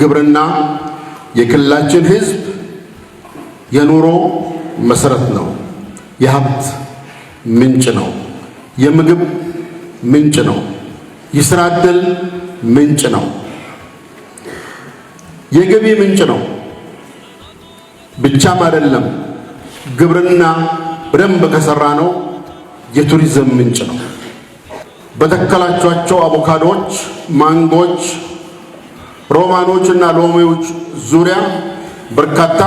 ግብርና የክልላችን ህዝብ የኑሮ መሰረት ነው፣ የሀብት ምንጭ ነው፣ የምግብ ምንጭ ነው፣ የስራ እድል ምንጭ ነው፣ የገቢ ምንጭ ነው። ብቻም አይደለም፣ ግብርና በደንብ ከሰራ ነው የቱሪዝም ምንጭ ነው። በተከላችኋቸው አቮካዶዎች፣ ማንጎች ሮማኖች እና ሎሜዎች ዙሪያ በርካታ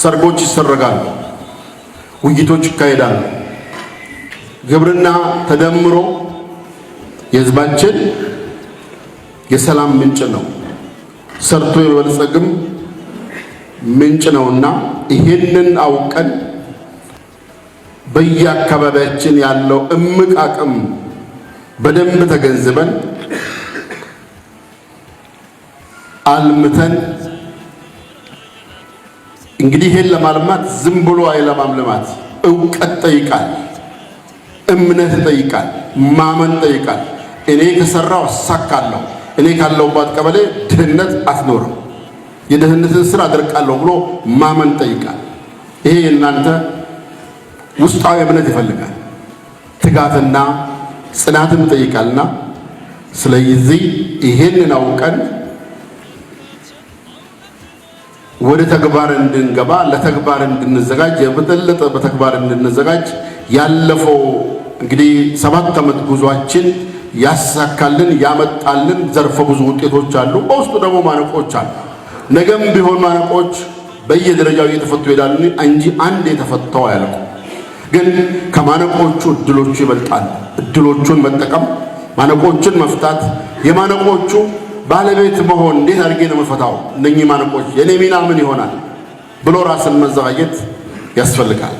ሰርጎች ይሰረጋሉ፣ ውይይቶች ይካሄዳሉ። ግብርና ተደምሮ የህዝባችን የሰላም ምንጭ ነው፣ ሰርቶ የመበልጸግም ምንጭ ነውና ይህንን አውቀን በየአካባቢያችን ያለው እምቅ አቅም በደንብ ተገንዝበን አልምተን እንግዲህ ይሄን ለማልማት ዝም ብሎ አይለማም። ልማት እውቀት ጠይቃል፣ እምነት ጠይቃል፣ ማመን ጠይቃል። እኔ ከሰራው አሳካለሁ፣ እኔ ካለሁባት ቀበሌ ድህነት አትኖርም፣ የድህነትን ስራ አደርቃለሁ ብሎ ማመን ጠይቃል። ይሄ የእናንተ ውስጣዊ እምነት ይፈልጋል፣ ትጋትና ጽናትም ጠይቃልና ስለዚህ ይሄንን አውቀን ወደ ተግባር እንድንገባ ለተግባር እንድንዘጋጅ የበለጠ በተግባር እንድንዘጋጅ ያለፈው እንግዲህ ሰባት ዓመት ጉዟችን ያሳካልን ያመጣልን ዘርፈ ብዙ ውጤቶች አሉ። በውስጡ ደግሞ ማነቆች አሉ። ነገም ቢሆን ማነቆች በየደረጃው እየተፈቱ ይሄዳሉ እንጂ አንድ የተፈተው አያልቁ። ግን ከማነቆቹ እድሎቹ ይበልጣል። እድሎቹን መጠቀም፣ ማነቆችን መፍታት የማነቆቹ ባለቤት መሆን እንዴት አድርጌ ነው የምፈታው እነኚህ ማነቆች፣ የኔ ሚና ምን ይሆናል ብሎ ራስን መዘጋጀት ያስፈልጋል።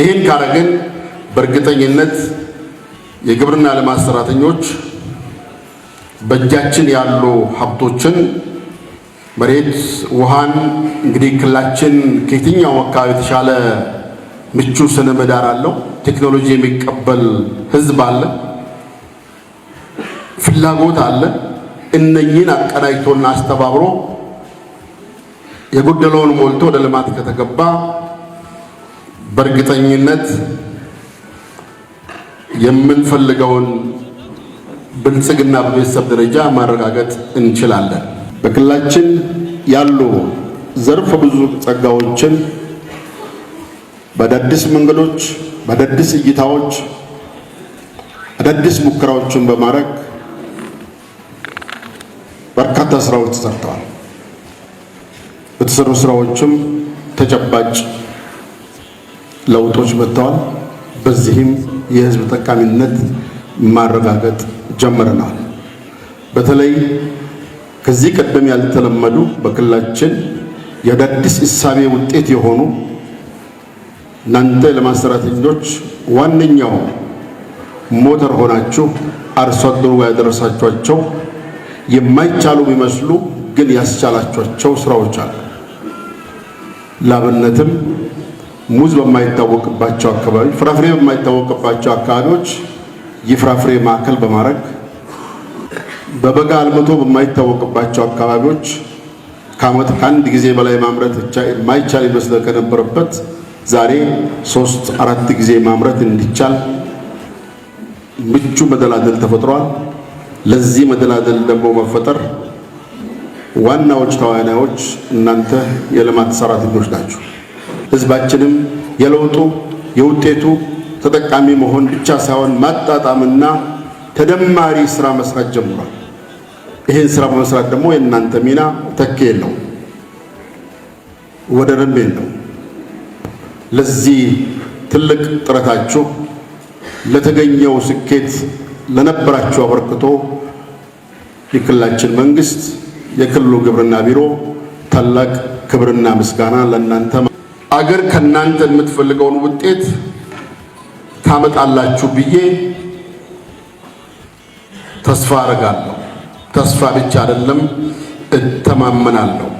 ይህን ካረግን በእርግጠኝነት የግብርና ልማት ሰራተኞች በእጃችን ያሉ ሀብቶችን መሬት፣ ውሃን እንግዲህ ክልላችን ከየትኛው አካባቢ የተሻለ ምቹ ስነ ምህዳር አለው። ቴክኖሎጂ የሚቀበል ህዝብ አለ፣ ፍላጎት አለ። እነኚህን አቀናጅቶና አስተባብሮ የጎደለውን ሞልቶ ወደ ልማት ከተገባ በእርግጠኝነት የምንፈልገውን ብልጽግና በቤተሰብ ደረጃ ማረጋገጥ እንችላለን። በክልላችን ያሉ ዘርፈ ብዙ ጸጋዎችን በአዳዲስ መንገዶች፣ በአዳዲስ እይታዎች፣ አዳዲስ ሙከራዎችን በማድረግ በርካታ ስራዎች ተሰርተዋል። በተሰሩ ስራዎችም ተጨባጭ ለውጦች መጥተዋል። በዚህም የህዝብ ጠቃሚነት ማረጋገጥ ጀምረናል። በተለይ ከዚህ ቀደም ያልተለመዱ በክልላችን የአዳዲስ እሳቤ ውጤት የሆኑ እናንተ የልማት ሰራተኞች ዋነኛው ሞተር ሆናችሁ አርሶ አደሩ ያደረሳችኋቸው የማይቻሉ የሚመስሉ ግን ያስቻላቸው ስራዎች አሉ። ላብነትም ሙዝ በማይታወቅባቸው አካባቢ፣ ፍራፍሬ በማይታወቅባቸው አካባቢዎች የፍራፍሬ ማዕከል በማድረግ በበጋ አልምቶ በማይታወቅባቸው አካባቢዎች ከዓመት ከአንድ ጊዜ በላይ ማምረት የማይቻል ይመስል ከነበረበት ዛሬ ሶስት አራት ጊዜ ማምረት እንዲቻል ምቹ መደላደል ተፈጥሯል። ለዚህ መደላደል ደግሞ መፈጠር ዋናዎች ተዋናዮች እናንተ የልማት ሰራተኞች ናችሁ። ህዝባችንም የለውጡ የውጤቱ ተጠቃሚ መሆን ብቻ ሳይሆን ማጣጣምና ተደማሪ ስራ መስራት ጀምሯል። ይህን ስራ በመስራት ደግሞ የእናንተ ሚና ተኪ የለው ወደርም የለው። ለዚህ ትልቅ ጥረታችሁ ለተገኘው ስኬት ለነበራችሁ አበርክቶ የክልላችን መንግስት፣ የክልሉ ግብርና ቢሮ ታላቅ ክብርና ምስጋና ለእናንተ። አገር ከእናንተ የምትፈልገውን ውጤት ታመጣላችሁ ብዬ ተስፋ አረጋለሁ። ተስፋ ብቻ አይደለም፣ እተማመናለሁ።